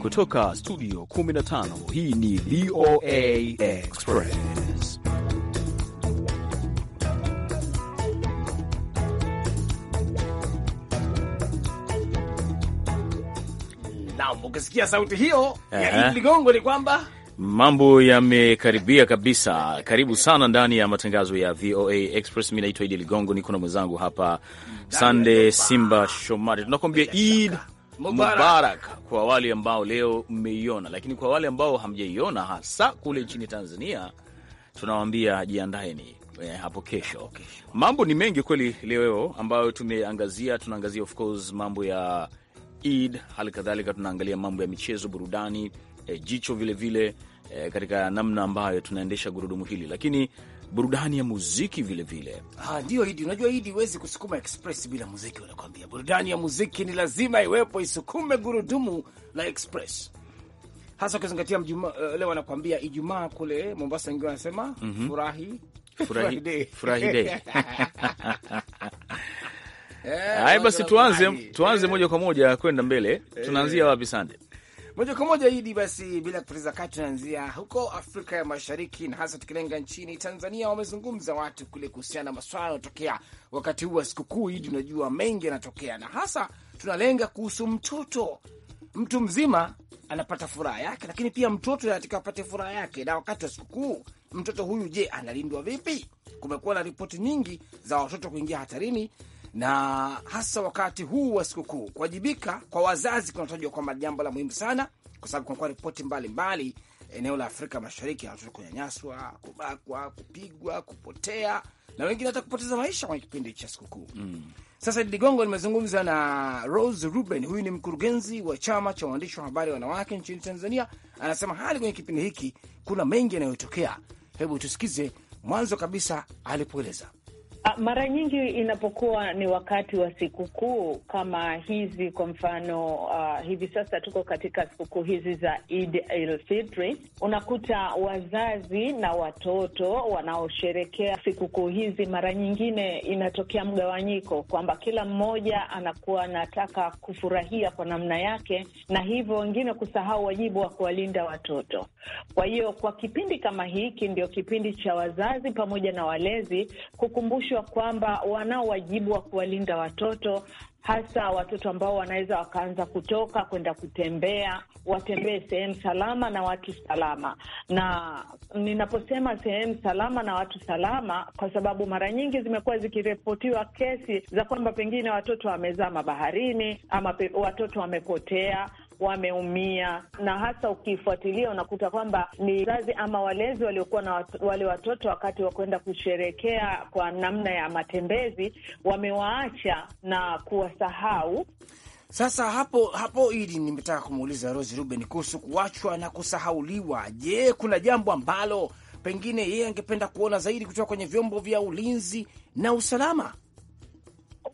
Kutoka studio 15 hii ni VOA Express. Naam, ukisikia sauti hiyo ya Ligongo ni kwamba Mambo yamekaribia kabisa. Karibu sana ndani ya matangazo ya VOA Express. Mi naitwa Idi Ligongo, niko na mwenzangu hapa Sande Simba Shomari. Tunakuambia Id Mubarak. kwa wale ambao leo mmeiona, lakini kwa wale ambao hamjaiona, hasa kule nchini Tanzania, tunawaambia jiandaeni eh, hapo kesho. Mambo ni mengi kweli leo ambayo tumeangazia. Tunaangazia of course mambo ya Id, hali kadhalika tunaangalia mambo ya michezo, burudani e, jicho vilevile vile, e, katika namna ambayo tunaendesha gurudumu hili, lakini burudani ya muziki vilevile ah, ndio hidi, Unajua hidi, huwezi kusukuma express bila muziki, wanakwambia burudani ya muziki ni lazima iwepo, isukume gurudumu la express hasa ukizingatia uh, leo anakuambia Ijumaa kule Mombasa, wengiwe wanasema mm -hmm. furahi furahi furahi day haya. Basi tuanze tuanze moja kwa moja kwenda mbele. Tunaanzia wapi, Sande? moja kwa moja hidi. Basi bila kupoteza wakati, tunaanzia huko Afrika ya Mashariki na hasa tukilenga nchini Tanzania. Wamezungumza watu kule kuhusiana na maswala yanayotokea wakati huu wa sikukuu hidi. Unajua mengi yanatokea, na hasa tunalenga kuhusu mtoto. Mtu mzima anapata furaha yake, lakini pia mtoto anatakiwa apate furaha yake, na wakati wa sikukuu mtoto huyu, je, analindwa vipi? Kumekuwa na ripoti nyingi za watoto kuingia hatarini na hasa wakati huu wa sikukuu. Kuwajibika kwa wazazi kunatajwa kwamba jambo la muhimu sana, kwa sababu kunakuwa ripoti mbalimbali eneo la Afrika Mashariki ya watoto kunyanyaswa, kubakwa, kupigwa, kupotea na wengine hata kupoteza maisha kwenye kipindi cha sikukuu mm. Sasa Ligongo, nimezungumza na Rose Ruben, huyu ni mkurugenzi wa chama cha waandishi wa habari wanawake nchini Tanzania. Anasema hali kwenye kipindi hiki kuna mengi yanayotokea. Hebu tusikize mwanzo kabisa alipoeleza. Ah, mara nyingi inapokuwa ni wakati wa sikukuu kama hizi, kwa mfano uh, hivi sasa tuko katika sikukuu hizi za Eid fitri unakuta wazazi na watoto wanaosherekea sikukuu hizi, mara nyingine inatokea mgawanyiko kwamba kila mmoja anakuwa anataka kufurahia kwa namna yake, na hivyo wengine kusahau wajibu wa kuwalinda watoto. Kwa hiyo kwa kipindi kama hiki ndio kipindi cha wazazi pamoja na walezi kukumbusha kuhakikishwa kwamba wanao wajibu wa kuwalinda watoto hasa watoto ambao wanaweza wakaanza kutoka kwenda kutembea, watembee sehemu salama na watu salama. Na ninaposema sehemu salama na watu salama, kwa sababu mara nyingi zimekuwa zikiripotiwa kesi za kwamba pengine watoto wamezama baharini ama pe, watoto wamepotea wameumia, na hasa ukifuatilia unakuta kwamba ni wazazi ama walezi waliokuwa na watu, wale watoto wakati wa kwenda kusherekea kwa namna ya matembezi wamewaacha na kuwasahau. Sasa hapo hapo, ili nimetaka kumuuliza Rosi Ruben kuhusu kuachwa na kusahauliwa. Je, kuna jambo ambalo pengine yeye angependa kuona zaidi kutoka kwenye vyombo vya ulinzi na usalama?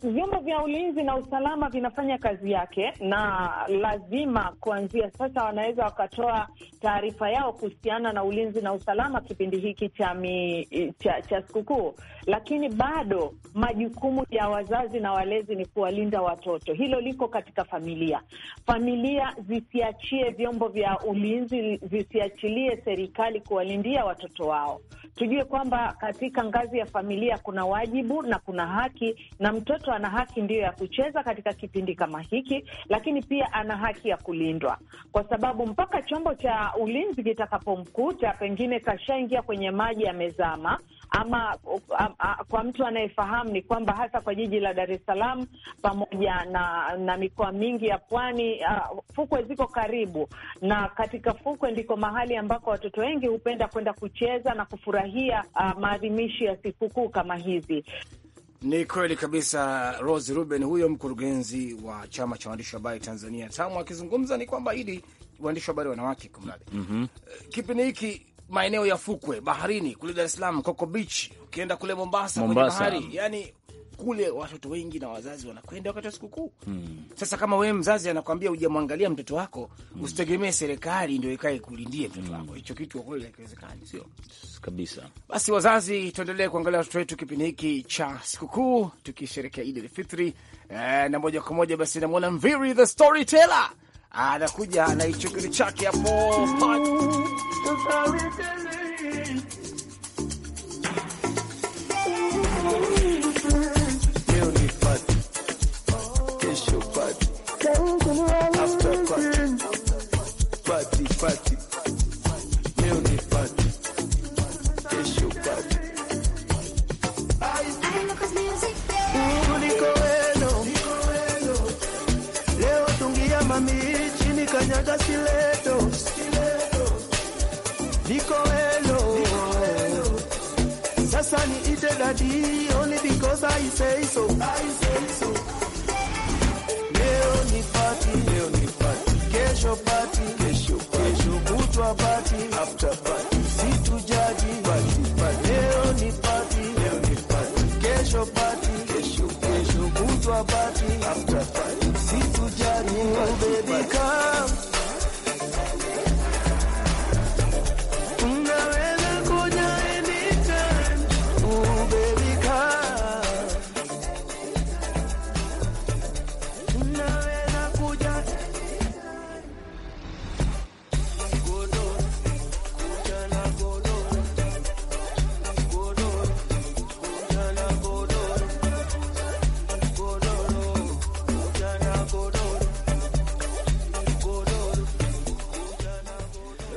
vyombo vya ulinzi na usalama vinafanya kazi yake, na lazima kuanzia sasa wanaweza wakatoa taarifa yao kuhusiana na ulinzi na usalama kipindi hiki cha, cha, cha sikukuu lakini bado majukumu ya wazazi na walezi ni kuwalinda watoto. Hilo liko katika familia. Familia zisiachie vyombo vya ulinzi, zisiachilie serikali kuwalindia watoto wao. Tujue kwamba katika ngazi ya familia kuna wajibu na kuna haki, na mtoto ana haki ndiyo ya kucheza katika kipindi kama hiki, lakini pia ana haki ya kulindwa, kwa sababu mpaka chombo cha ulinzi kitakapomkuta, pengine kashaingia kwenye maji yamezama ama um, kwa mtu anayefahamu ni kwamba hasa kwa jiji la Dar es Salaam pamoja na, na mikoa mingi ya pwani uh, fukwe ziko karibu, na katika fukwe ndiko mahali ambako watoto wengi hupenda kwenda kucheza na kufurahia uh, maadhimisho ya sikukuu kama hizi. Ni kweli kabisa, Rose Ruben huyo mkurugenzi wa chama cha waandishi wa habari Tanzania TAMWA akizungumza ni kwamba hili waandishi wa habari wanawake kumradi, mm -hmm. Eh, kipindi hiki maeneo ya fukwe baharini kule Dar es Salaam, Coco Beach, ukienda kule Mombasa, Mombasa kwenye bahari yani kule watoto wengi na wazazi wanakwenda wakati wa sikukuu hmm. Sasa kama wewe mzazi anakwambia ujamwangalia mtoto wako hmm. Usitegemee serikali ndio ikae kulindie mtoto hmm. wako hicho hmm. kitu kwa kweli hakiwezekani, sio kabisa. Basi wazazi, tuendelee kuangalia watoto wetu kipindi hiki cha sikukuu, tukisherekea Idi el Fitri eh, na moja kwa moja basi namwona Mviri the storyteller anakuja na hicho kitu chake hapo Niko hello. Eh. Sasa ni ite dadi, only because I say so. I say so. Leo ni party, leo ni party. Kesho party, kesho party. Kesho kutwa party, after party.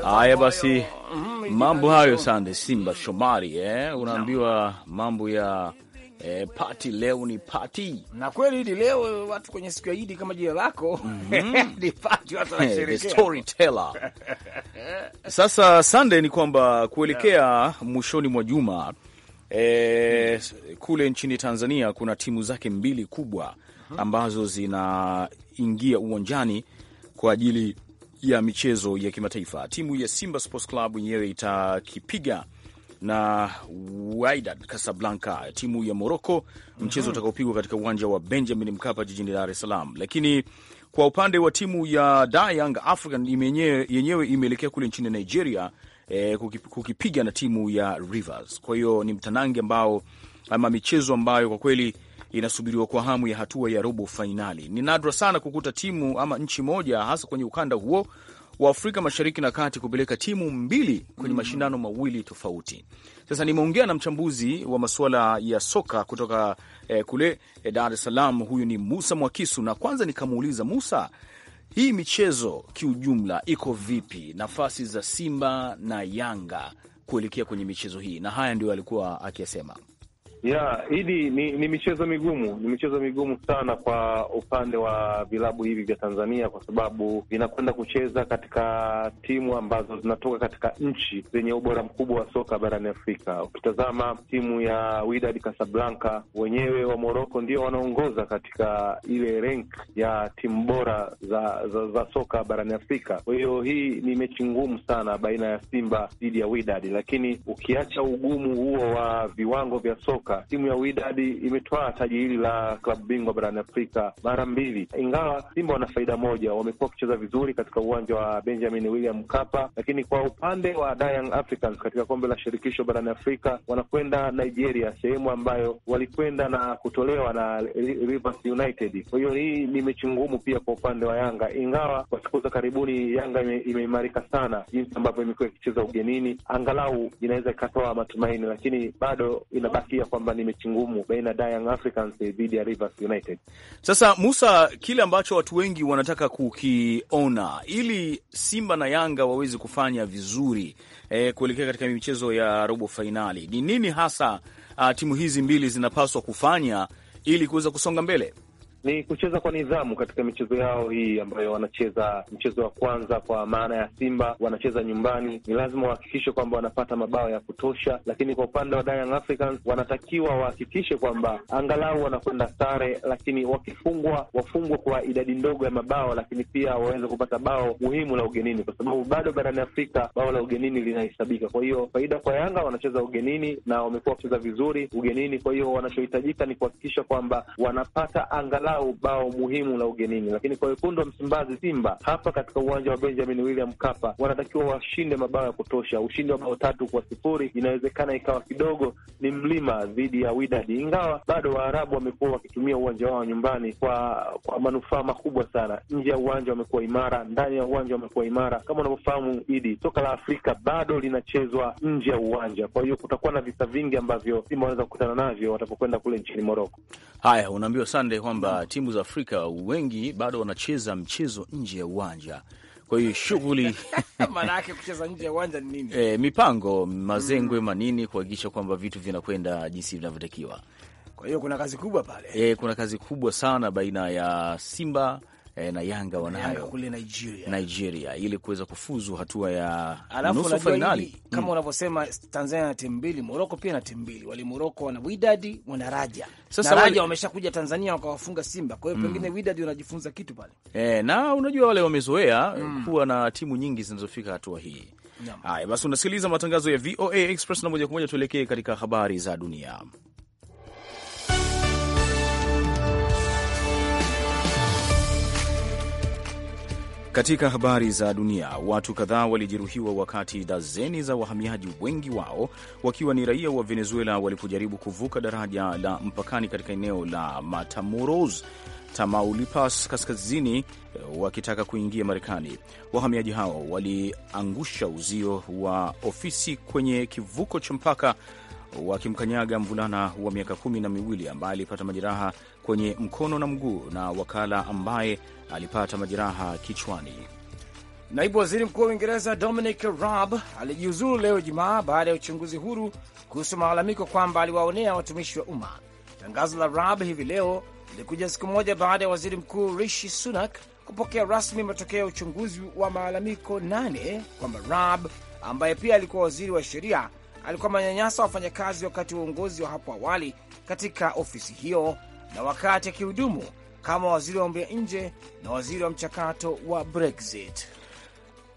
Haya basi, mambo hayo sande. Simba Shomari eh, unaambiwa mambo ya eh, pati leo ni pati na kweli, hidi leo eh, watu kwenye siku ya Idi kama jina lako mhm. ni pati, watu wanasherehekea storyteller sasa sande, ni kwamba kuelekea mwishoni mwa juma eh, kule nchini Tanzania kuna timu zake mbili kubwa mhm. ambazo zinaingia uwanjani kwa ajili ya michezo ya kimataifa, timu ya Simba Sports Club yenyewe itakipiga na Wydad Casablanca, timu ya Moroko, mchezo utakaopigwa katika uwanja wa Benjamin Mkapa jijini Dar es Salaam. Lakini kwa upande wa timu ya Da Young African yenyewe imeelekea kule nchini Nigeria e, kukipiga na timu ya Rivers. Kwa hiyo ni mtanange ambao ama michezo ambayo kwa kweli inasubiriwa kwa hamu ya hatua ya robo fainali. Ni nadra sana kukuta timu ama nchi moja hasa kwenye ukanda huo wa Afrika Mashariki na Kati kupeleka timu mbili kwenye mm, mashindano mawili tofauti. Sasa nimeongea na mchambuzi wa masuala ya soka kutoka eh, kule eh, Dar es Salaam. Huyu ni Musa Mwakisu, na kwanza nikamuuliza Musa, hii michezo kiujumla iko vipi, nafasi za Simba na Yanga kuelekea kwenye michezo hii? Na haya ndio alikuwa akiyasema. Yeah, hidi ni, ni michezo migumu, ni michezo migumu sana kwa upande wa vilabu hivi vya Tanzania kwa sababu vinakwenda kucheza katika timu ambazo zinatoka katika nchi zenye ubora mkubwa wa soka barani Afrika. Ukitazama timu ya Wydad Casablanca, wenyewe wa moroko ndio wanaongoza katika ile rank ya timu bora za, za, za soka barani Afrika. Kwa hiyo hii ni mechi ngumu sana baina ya Simba dhidi ya Wydad, lakini ukiacha ugumu huo wa viwango vya soka soka. Timu ya uidadi imetwaa taji hili la klabu bingwa barani Afrika mara mbili, ingawa Simba wana faida moja, wamekuwa wakicheza vizuri katika uwanja wa Benjamin William Mkapa. Lakini kwa upande wa Young Africans katika kombe la shirikisho barani Afrika wanakwenda Nigeria, sehemu ambayo walikwenda na kutolewa na Rivers United. Kwa hiyo hii ni mechi ngumu pia kwa upande wa Yanga, ingawa kwa siku za karibuni Yanga imeimarika ime sana, jinsi ambavyo imekuwa ikicheza ugenini, angalau inaweza ikatoa matumaini, lakini bado inabakia kwa kwamba ni mechi ngumu baina ya Young Africans dhidi ya Rivers United. Sasa Musa, kile ambacho watu wengi wanataka kukiona ili Simba na Yanga waweze kufanya vizuri eh, kuelekea katika michezo ya robo fainali ni nini hasa, uh, timu hizi mbili zinapaswa kufanya ili kuweza kusonga mbele? ni kucheza kwa nidhamu katika michezo yao hii ambayo wanacheza. Mchezo wa kwanza kwa maana ya Simba wanacheza nyumbani, ni lazima wahakikishe kwamba wanapata mabao ya kutosha, lakini kwa upande wa Young Africans wanatakiwa wahakikishe kwamba angalau wanakwenda sare, lakini wakifungwa wafungwe kwa idadi ndogo ya mabao, lakini pia waweze kupata bao muhimu la ugenini, kwa sababu bado barani Afrika bao la ugenini linahesabika. Kwa hiyo faida kwa Yanga, wanacheza ugenini na wamekuwa wakicheza vizuri ugenini. Kwa hiyo wanachohitajika ni kuhakikisha kwamba wanapata angalau angalau bao muhimu la ugenini. Lakini kwa wekundu wa Msimbazi, Simba, hapa katika uwanja wa Benjamin William Mkapa wanatakiwa washinde mabao ya kutosha. Ushindi wa bao tatu kwa sifuri inawezekana ikawa kidogo ni mlima dhidi ya Widadi, ingawa bado Waarabu wamekuwa wakitumia uwanja wao nyumbani kwa kwa manufaa makubwa sana. Nje ya uwanja wamekuwa imara, ndani ya uwanja wamekuwa imara. Kama unavyofahamu Idi, soka la Afrika bado linachezwa nje ya uwanja, kwa hiyo kutakuwa na visa vingi ambavyo Simba wanaweza kukutana navyo watapokwenda kule nchini Moroko. Haya, unaambiwa Sande kwamba timu za Afrika wengi bado wanacheza mchezo nje ya uwanja kwa hiyo shughuli kucheza nje ya uwanja ni nini? E, mipango mazengwe mm. manini kuhakikisha kwamba vitu vinakwenda jinsi vinavyotakiwa. Kwa hiyo kuna kazi kubwa pale e, kuna kazi kubwa sana baina ya Simba e, na Yanga wanayo kule Nigeria, Nigeria ili kuweza kufuzu hatua ya nusu fainali. Kama mm, unavyosema Tanzania na timu mbili, Moroko pia na timu mbili, wali Moroko wana Widadi wana Raja. Sasa Raja wali... wameshakuja Tanzania wakawafunga Simba, kwa hiyo mm, pengine Widadi wanajifunza kitu pale e, na unajua wale wamezoea eh, mm, kuwa na timu nyingi zinazofika hatua hii. Haya basi, unasikiliza matangazo ya VOA Express na moja kwa moja tuelekee katika habari za dunia. Katika habari za dunia, watu kadhaa walijeruhiwa wakati dazeni za wahamiaji, wengi wao wakiwa ni raia wa Venezuela, walipojaribu kuvuka daraja la mpakani katika eneo la Matamoros, Tamaulipas kaskazini wakitaka kuingia Marekani. Wahamiaji hao waliangusha uzio wa ofisi kwenye kivuko cha mpaka wakimkanyaga mvulana wa miaka kumi na miwili ambaye alipata majeraha kwenye mkono na mguu na wakala ambaye alipata majeraha kichwani. Naibu waziri mkuu wa Uingereza Dominic Raab alijiuzulu leo jumaa baada ya uchunguzi huru kuhusu malalamiko kwamba aliwaonea watumishi wa umma. Tangazo la Raab hivi leo lilikuja siku moja baada ya waziri mkuu Rishi Sunak kupokea rasmi matokeo ya uchunguzi wa malalamiko nane kwamba Raab ambaye pia alikuwa waziri wa sheria alikuwa manyanyasa wafanyakazi wakati wa uongozi wa hapo awali katika ofisi hiyo na wakati akihudumu kama waziri wa mambo ya nje na waziri wa mchakato wa Brexit.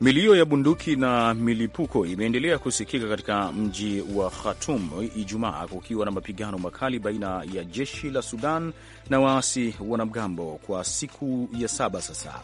Milio ya bunduki na milipuko imeendelea kusikika katika mji wa Khartoum Ijumaa, kukiwa na mapigano makali baina ya jeshi la Sudan na waasi wanamgambo kwa siku ya saba sasa.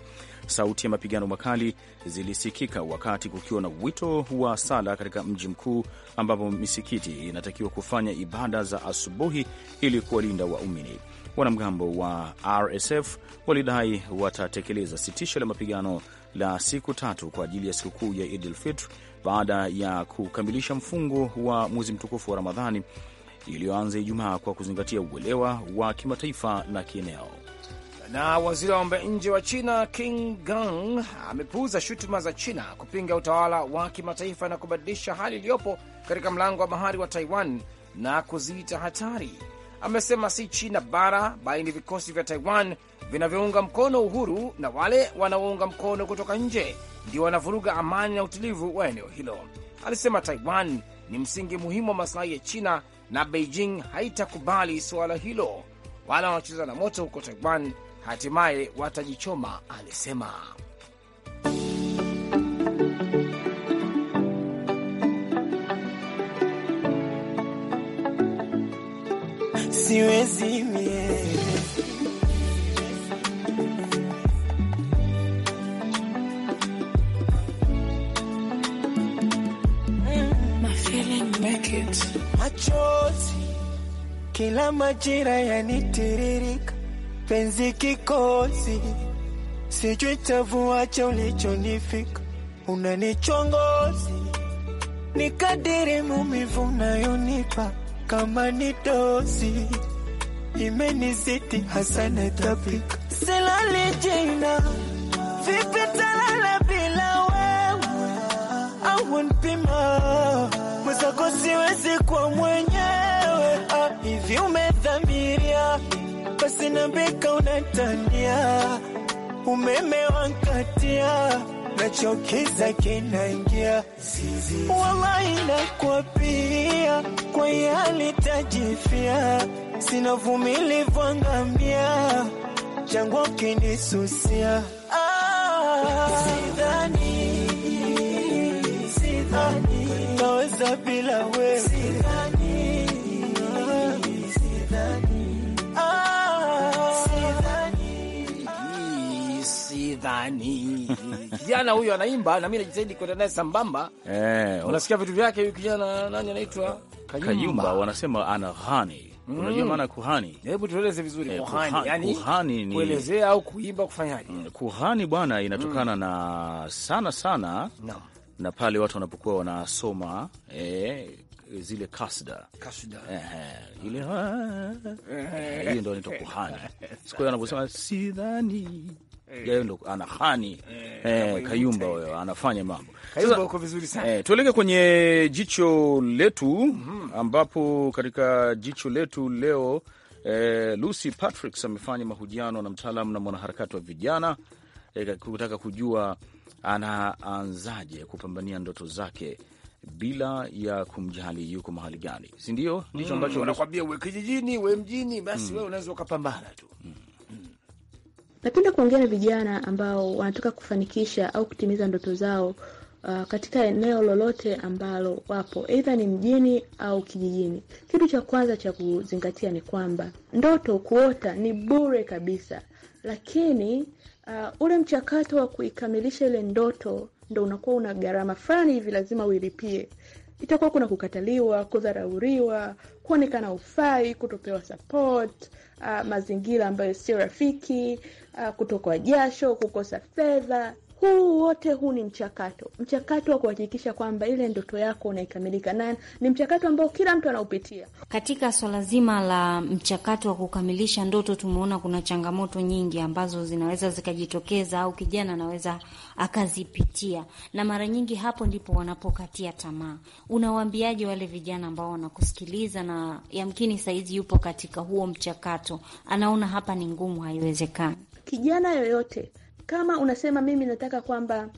Sauti ya mapigano makali zilisikika wakati kukiwa na wito wa sala katika mji mkuu, ambapo misikiti inatakiwa kufanya ibada za asubuhi ili kuwalinda waumini wanamgambo wa RSF walidai watatekeleza sitisho la mapigano la siku tatu kwa ajili ya sikukuu ya Idil Fitr baada ya kukamilisha mfungo wa mwezi mtukufu wa Ramadhani iliyoanza Ijumaa kwa kuzingatia uelewa wa kimataifa na kieneo. Na waziri wa mambo ya nje wa China King Gang amepuuza shutuma za China kupinga utawala wa kimataifa na kubadilisha hali iliyopo katika mlango wa bahari wa Taiwan na kuziita hatari amesema si China bara bali ni vikosi vya Taiwan vinavyounga mkono uhuru na wale wanaounga mkono kutoka nje ndio wanavuruga amani na utulivu wa eneo hilo. Alisema Taiwan ni msingi muhimu wa masilahi ya China na Beijing haitakubali suala hilo. Wala wanacheza na moto huko Taiwan hatimaye watajichoma, alisema. siwezi mie machozi kila majira yanitiririka, penzi kikozi sijui tavuacha ulichonifika, unanichongozi nikadiri mumivu unayonipa kama ni dozi imenizidi hasa na tabika silali jina vipi talala bila wewe au npima mwezako siwezi kwa mwenyewe ah, hivi ah, umedhamiria basi nambika unatania umeme wankatia nachokiza kinaingia wallahi nakwapia kwa yali tajifia, sina angamia, kinisusia ah, sidhani, sidhani naweza bila ah, sidhani Kijana huyo anaimba na mimi najitahidi kwenda naye sambamba eh, unasikia vitu vyake. Huyu kijana nani anaitwa? Kayumba, Kayumba wanasema ana ghani mm. Unajua maana kuhani? Hebu tueleze vizuri eh, kuhani, kuhani, yani kuhani ni kuelezea au kuimba kufanyaje? Mm, kuhani bwana inatokana mm. na sana sana no. na pale watu wanapokuwa wanasoma eh, zile kasda kasda, ile eh, hiyo ndio inaitwa kuhani. Siku hiyo anaposema sidhani yeye eh. Ndo ana hani hey, eh, eh Kayumba huyo anafanya mambo. Kayumba uko vizuri sana. Eh, tuelekee kwenye jicho letu mm -hmm. ambapo katika jicho letu leo eh, Lucy Patrick amefanya mahojiano na mtaalamu na mwanaharakati wa vijana eh, kutaka kujua anaanzaje kupambania ndoto zake bila ya kumjali yuko mahali gani, si ndio? Ndicho mm, ambacho mm, unakwambia uwe kijijini, uwe mjini, basi mm. wewe unaweza ukapambana tu mm. Napenda kuongea na vijana ambao wanataka kufanikisha au kutimiza ndoto zao uh, katika eneo lolote ambalo wapo, aidha ni mjini au kijijini. Kitu cha kwanza cha kuzingatia ni kwamba ndoto kuota ni bure kabisa, lakini uh, ule mchakato wa kuikamilisha ile ndoto ndo unakuwa una gharama fulani hivi, lazima uilipie itakuwa kuna kukataliwa, kudharauriwa, kuonekana ufai, kutopewa support, uh, mazingira ambayo sio rafiki, uh, kutokwa jasho, kukosa fedha huu wote huu ni mchakato, mchakato wa kuhakikisha kwamba ile ndoto yako unaikamilika, na ni mchakato ambao kila mtu anaupitia. Katika swala zima la mchakato wa kukamilisha ndoto, tumeona kuna changamoto nyingi ambazo zinaweza zikajitokeza au kijana anaweza akazipitia, na mara nyingi hapo ndipo wanapokatia tamaa. Unawaambiaje wale vijana ambao wanakusikiliza na yamkini saizi yupo katika huo mchakato, anaona hapa ni ngumu, haiwezekani? Kijana yoyote kama unasema mimi nataka kwamba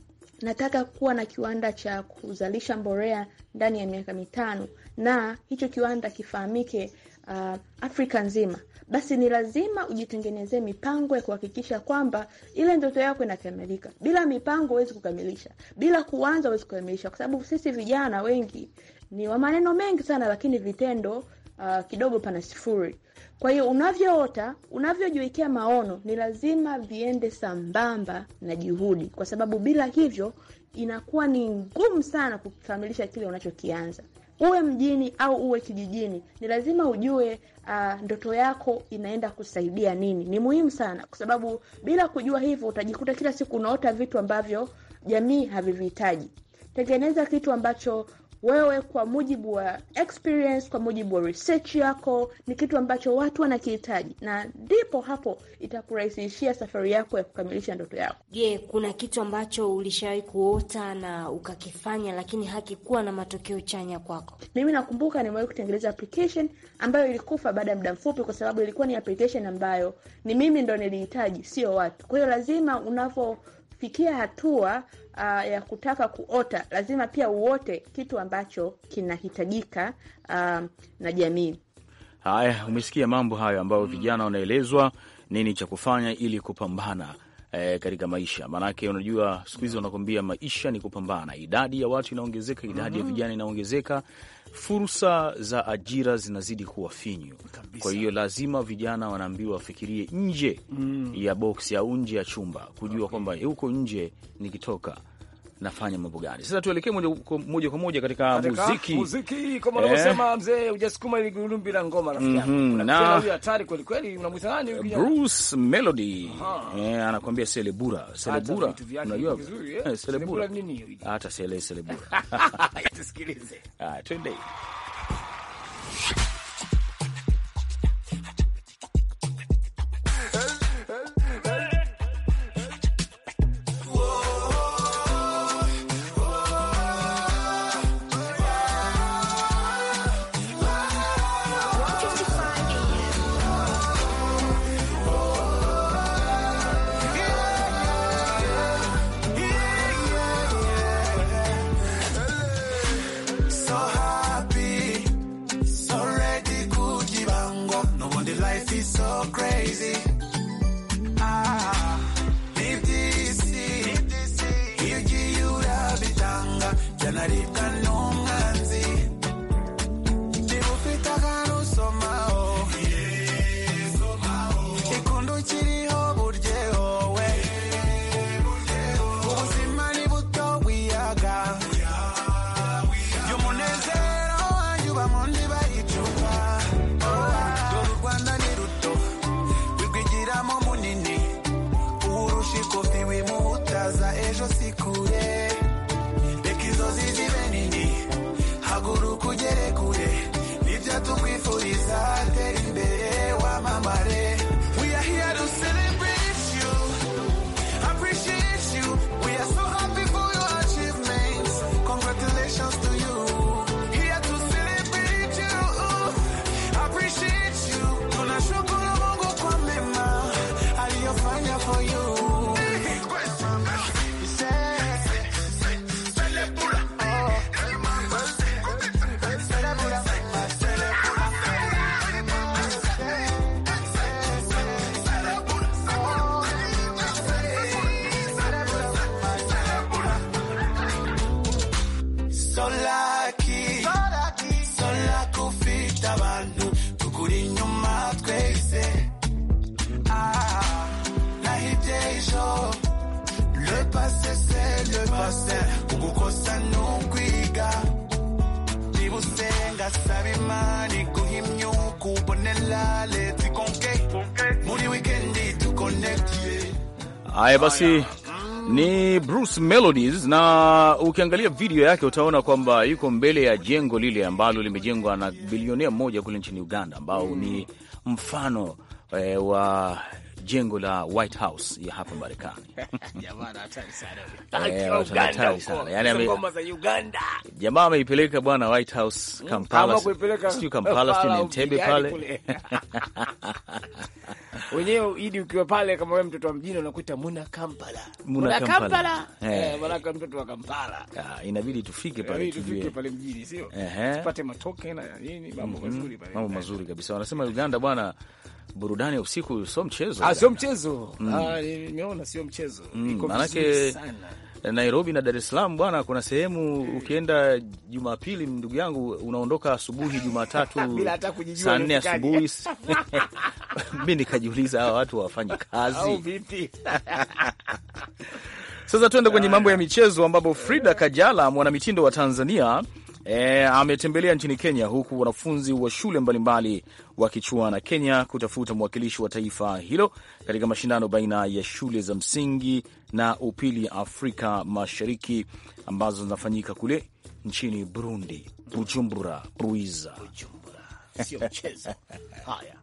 nataka kuwa na kiwanda cha kuzalisha mborea ndani ya miaka mitano na hicho kiwanda kifahamike uh, Afrika nzima, basi ni lazima ujitengenezee mipango ya kuhakikisha kwamba ile ndoto yako inakamilika. Bila mipango huwezi kukamilisha, bila kuanza huwezi kukamilisha, kwa sababu sisi vijana wengi ni wa maneno mengi sana, lakini vitendo uh, kidogo pana sifuri. Kwa hiyo unavyoota, unavyojiwekea maono ni lazima viende sambamba na juhudi, kwa sababu bila hivyo inakuwa ni ngumu sana kukamilisha kile unachokianza. Uwe mjini au uwe kijijini, ni lazima ujue uh, ndoto yako inaenda kusaidia nini. Ni muhimu sana, kwa sababu bila kujua hivyo utajikuta kila siku unaota vitu ambavyo jamii havivihitaji. Tengeneza kitu ambacho wewe kwa mujibu wa experience, kwa mujibu wa research yako, ni kitu ambacho watu wanakihitaji, na ndipo hapo itakurahisishia safari yako ya kukamilisha ndoto yako. Je, kuna kitu ambacho ulishawahi kuota na ukakifanya, lakini hakikuwa na matokeo chanya kwako? Mimi nakumbuka nimewahi kutengeneza application ambayo ilikufa baada ya muda mfupi, kwa sababu ilikuwa ni application ambayo ni mimi ndo nilihitaji, sio watu. Kwa hiyo lazima unavyo kufikia hatua uh, ya kutaka kuota, lazima pia uote kitu ambacho kinahitajika uh, na jamii. Haya, umesikia mambo hayo ambayo vijana wanaelezwa nini cha kufanya ili kupambana eh, katika maisha. Maanake unajua siku hizi wanakuambia maisha ni kupambana, idadi ya watu inaongezeka, idadi mm -hmm. ya mhm. vijana inaongezeka, fursa za ajira zinazidi kuwa finyu. Kwa hiyo lazima vijana wanaambiwa wafikirie nje mm. ya boksi au nje ya chumba, kujua okay. kwamba huko nje nikitoka nafanya mambo gani. Sasa tuelekee moja kwa moja moja katika muziki, muziki kama unavyosema eh? mzee, hujasukuma ile gurudumu bila ngoma, rafiki mhm, yangu na hatari kweli kweli. Unamwita nani huyu? Bruce Melody eh, anakuambia selebura, selebura. Unajua eh? eh, selebura nini? hiyo? Hata sele selebura, tusikilize. Ah, twende. Haya basi, ni Bruce Melodies, na ukiangalia video yake utaona kwamba yuko mbele ya jengo lile ambalo limejengwa na bilionea mmoja kule nchini Uganda, ambao ni mfano eh, wa jengo la White House ya hapa Marekani. Eh, yaani Jamaa ameipeleka bwana White House hmm? Kampala, sio Kampala, sio Entebbe yaani pale wenyewe Idi, ukiwa pale kama wewe mtoto wa mjini unakuita muna Kampala, muna Kampala, maanake eh. eh, mtoto wa Kampala ah, inabidi tufike pale, tufike pale mjini, sio tupate matoke na nini. Mhm. Mambo mazuri kabisa, wanasema Uganda bwana burudani ya usiku sio mchezo, ah, sio mchezo. Mm. Ah, nimeona sio mchezo, manake mm, Nairobi na Dar es Salaam bwana, kuna sehemu ukienda Jumapili, ndugu yangu, unaondoka asubuhi Jumatatu saa nne asubuhi. Mi nikajiuliza hawa watu hawafanyi kazi vipi? Sasa tuende kwenye mambo ya michezo ambapo Frida Kajala mwanamitindo wa Tanzania E, ametembelea nchini Kenya huku wanafunzi wa shule mbalimbali wakichuana Kenya kutafuta mwakilishi wa taifa hilo katika mashindano baina ya shule za msingi na upili Afrika Mashariki ambazo zinafanyika kule nchini Burundi, Bujumbura, Bruiza, Bujumbura sio mchezo. Haya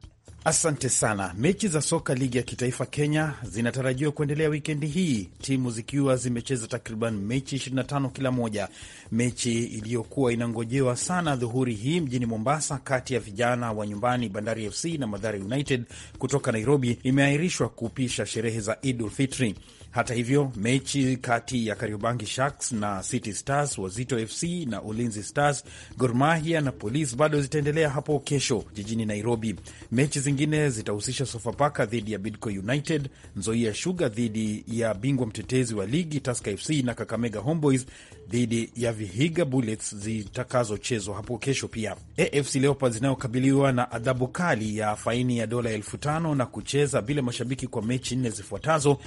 Asante sana. Mechi za soka ligi ya kitaifa Kenya zinatarajiwa kuendelea wikendi hii, timu zikiwa zimecheza takriban mechi 25 kila moja. Mechi iliyokuwa inangojewa sana dhuhuri hii mjini Mombasa, kati ya vijana wa nyumbani Bandari FC na madhari United kutoka Nairobi, imeahirishwa kupisha sherehe za Idul Fitri. Hata hivyo mechi kati ya Kariobangi Sharks na City Stars, Wazito FC na Ulinzi Stars, Gor Mahia na polis bado zitaendelea hapo kesho jijini Nairobi. Mechi zingine zitahusisha Sofapaka dhidi ya Bidco United, Nzoia Sugar dhidi ya bingwa mtetezi wa ligi Tusker FC na Kakamega Homeboys dhidi ya Vihiga Bullets zitakazochezwa hapo kesho pia. AFC Leopards inayokabiliwa na adhabu kali ya faini ya dola elfu tano na kucheza bila mashabiki kwa mechi nne zifuatazo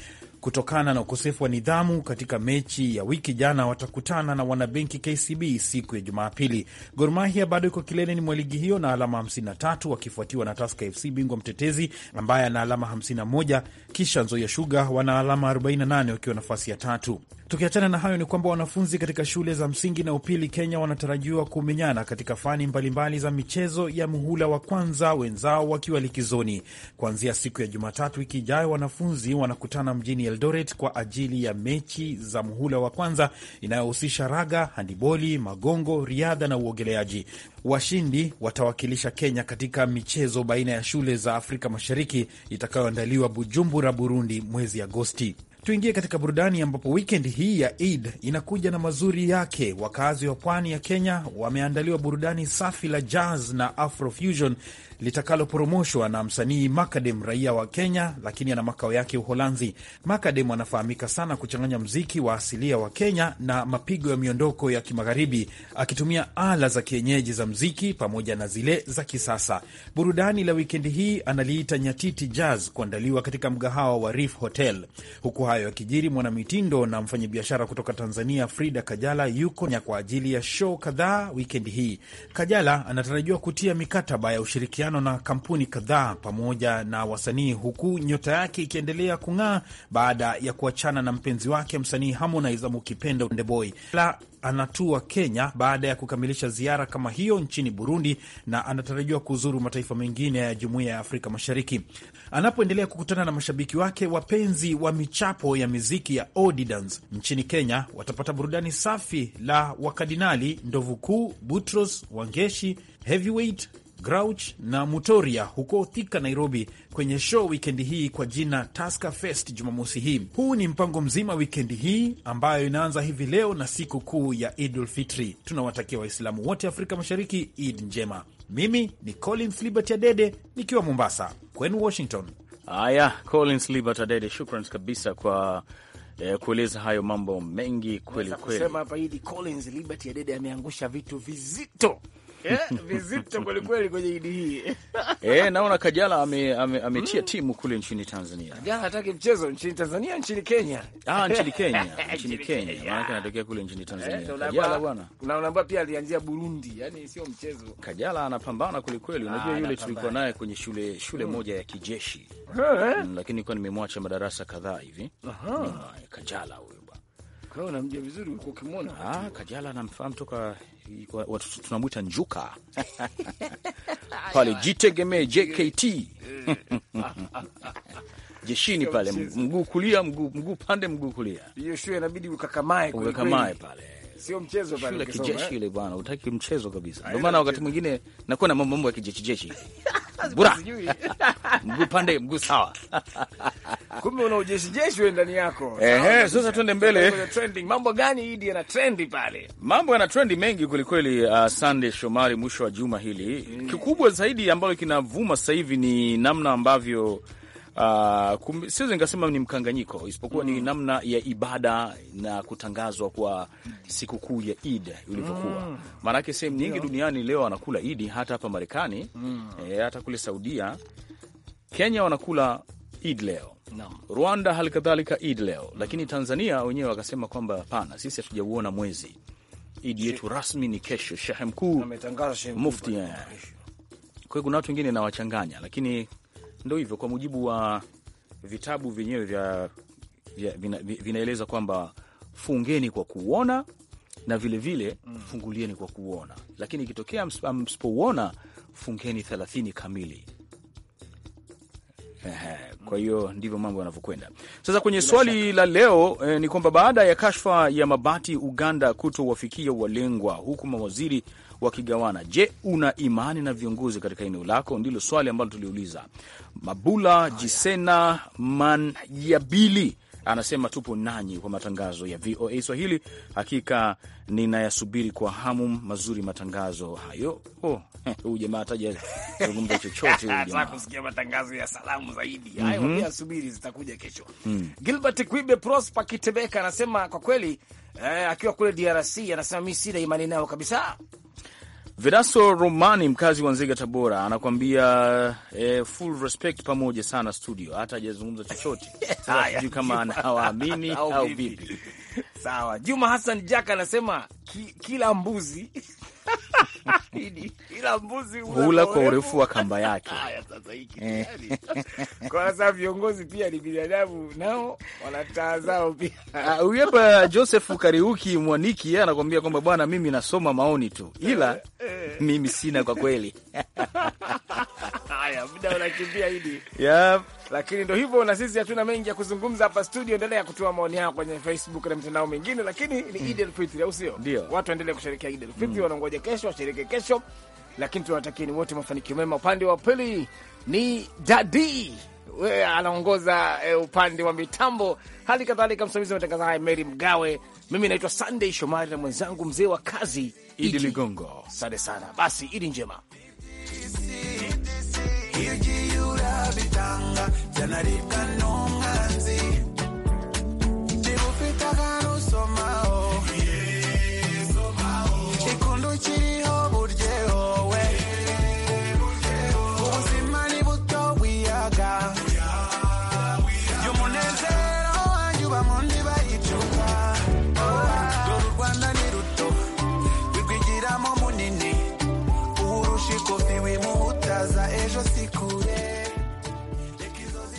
kutokana na ukosefu wa nidhamu katika mechi ya wiki jana, watakutana na wanabenki KCB siku ya Jumapili. Gor Mahia bado iko kileleni mwa ligi hiyo na alama 53, wakifuatiwa na Tusker FC bingwa mtetezi ambaye ana alama 51, kisha Nzoia Sugar wana alama 48 wakiwa nafasi ya tatu. Tukiachana na hayo ni kwamba wanafunzi katika shule za msingi na upili Kenya wanatarajiwa kumenyana katika fani mbalimbali za michezo ya muhula wa kwanza, wenzao wakiwa likizoni. Kuanzia siku ya Jumatatu wiki ijayo, wanafunzi wanakutana mjini Eldoret kwa ajili ya mechi za muhula wa kwanza inayohusisha raga, handiboli, magongo, riadha na uogeleaji. Washindi watawakilisha Kenya katika michezo baina ya shule za Afrika Mashariki itakayoandaliwa Bujumbura, Burundi, mwezi Agosti. Tuingie katika burudani ambapo wikendi hii ya Eid inakuja na mazuri yake. Wakazi wa pwani ya Kenya wameandaliwa burudani safi la jazz na afrofusion litakalopromoshwa na msanii Makadem, raia wa Kenya lakini ana makao yake Uholanzi. Makadem anafahamika sana kuchanganya mziki wa asilia wa Kenya na mapigo ya miondoko ya kimagharibi akitumia ala za kienyeji za mziki pamoja na zile za kisasa. Burudani la wikendi hii analiita Nyatiti Jazz kuandaliwa katika mgahawa wa Reef Hotel huku hayo yakijiri, mwanamitindo na mfanyabiashara kutoka Tanzania Frida Kajala yuko Kenya kwa ajili ya show kadhaa wikendi hii. Kajala anatarajiwa kutia mikataba ya ushirikiano na kampuni kadhaa pamoja na wasanii, huku nyota yake ikiendelea kung'aa baada ya kuachana na mpenzi wake msanii Harmonize ama Ndeboy anatua Kenya baada ya kukamilisha ziara kama hiyo nchini Burundi na anatarajiwa kuzuru mataifa mengine ya jumuiya ya Afrika Mashariki anapoendelea kukutana na mashabiki wake. Wapenzi wa michapo ya miziki ya Odidans nchini Kenya watapata burudani safi la wakadinali ndovu kuu Butros Wangeshi, Heavyweight Grouch na Mutoria huko Thika, Nairobi, kwenye show wikendi hii kwa jina Taska Fest Jumamosi hii. Huu ni mpango mzima wikendi hii ambayo inaanza hivi leo na siku kuu ya Idul Fitri. Tunawatakia Waislamu wote Afrika Mashariki Id njema. Mimi ni Collins Liberty Adede nikiwa Mombasa, kwenu Washington. Haya, Collins Liberty Adede, shukran kabisa kwa eh, kueleza hayo mambo mengi kweli kweli. hapa hili Collins Liberty Adede ameangusha vitu vizito Eh, vizito kwelikweli kwenye idi hii. Eh, naona Kajala ametia ame, ame mm, timu kule nchini Tanzania. Kajala hataki mchezo nchini Tanzania, nchini Kenya. Ah, nchini Kenya, nchini Kenya. anatokea kule nchini Tanzania. Eh, Kajala bwana. unaambia pia alianzia Burundi, yani sio mchezo. Kajala anapambana kwelikweli. Unajua ah, yule tulikuwa naye kwenye shule shule hmm. moja ya kijeshi. Eh, mm, lakini kwa nimemwacha madarasa kadhaa hivi. Kajala huyo. Kwa hiyo namjua vizuri, ukimwona ah, Kajala namfahamu toka tunamwita njuka pale jitegemee JKT jeshini pale, mguu kulia mguu pande, mguu kulia, hiyo sio, inabidi ukakamae, ukakamae pale sio mchezo pale, shule kijeshi eh? ile bwana, utaki mchezo kabisa. Ndio maana wakati mwingine nakuwa na mambo mambo ya kijeshi jeshi bura mguu pande mguu sawa, kumbe una ujeshi jeshi wewe ndani yako. Ehe, sasa twende mbele, mambo gani idi yana trend pale? Mambo yana trend mengi kweli. Uh, Sunday Shomari, mwisho wa juma hili mm. Kikubwa zaidi ambayo kinavuma sasa hivi ni namna ambavyo Uh, siwezi nikasema ni mkanganyiko isipokuwa mm. ni namna ya ibada na kutangazwa kwa sikukuu ya Eid ilivyokuwa mm. sehemu nyingi duniani leo wanakula Idi, hata hapa Marekani mm. e, hata kule Saudia, Kenya wanakula Id leo no. Rwanda hali kadhalika Eid leo mm. lakini Tanzania wenyewe wakasema kwamba hapana, sisi hatujauona mwezi, Eid yetu rasmi ni kesho. Shehe mkuu mufti, kwa hiyo kuna watu wengine nawachanganya, lakini ndo hivyo, kwa mujibu wa vitabu vyenyewe vya, vya, vina, vinaeleza kwamba fungeni kwa kuona na vilevile vile, mm. fungulieni kwa kuona, lakini ikitokea msipouona fungeni thelathini kamili. Kwa hiyo ndivyo mambo yanavyokwenda sasa. Kwenye swali la leo eh, ni kwamba baada ya kashfa ya mabati Uganda kutowafikia walengwa, huku mawaziri wakigawana. Je, una imani na viongozi katika eneo lako? Ndilo swali ambalo tuliuliza. Mabula Jisena Manyabili anasema tupo nanyi kwa matangazo ya VOA Swahili. Hakika ninayasubiri kwa hamu mazuri matangazo hayo. Oh, huyu jamaa ataja zungumza chochote kusikia matangazo ya salamu zaidi mm -hmm. Hayo pia subiri, zitakuja kesho mm. Gilbert Kwibe Prosper Kitebeka anasema kwa kweli eh, akiwa kule DRC anasema mi sina imani nao kabisa Vedaso Romani, mkazi wa Nzega, Tabora, anakuambia eh, full respect pamoja sana studio, hata hajazungumza chochote sijui kama anawaamini au vipi. Sawa. Juma Hassan jack anasema ki, kila mbuzi ila mbuzi hula kwa urefu wa kamba yake. Eh. kwa sasa, viongozi pia ni binadamu, nao wana taa zao pia. Ah, huyu hapa Joseph Kariuki Mwaniki, yeye anakuambia kwamba bwana, mimi nasoma maoni tu, ila eh, eh. mimi sina kwa kweli haya, muda unakimbia hili. Yep. Lakini ndo hivyo, na sisi hatuna mengi ya kuzungumza hapa studio. Endelea ya kutoa maoni yao kwenye Facebook na mitandao mingine, lakini ni mm. Eid al-Fitr, au sio? Ndio. Watu waendelee kusherekea Eid al-Fitr, mm. wanaongoja kesho, washereke kesho, lakini tunawatakia ni wote mafanikio mema. Upande wa pili ni Dadi We, anaongoza eh, upande wa mitambo, hali kadhalika msimamizi wa matangazo haya Mary Mgawe. Mimi naitwa Sunday Shomari na mwenzangu mzee wa kazi Idi Ligongo. Asante sana, basi Idi njema hirya iyo urabitanga janari kanombe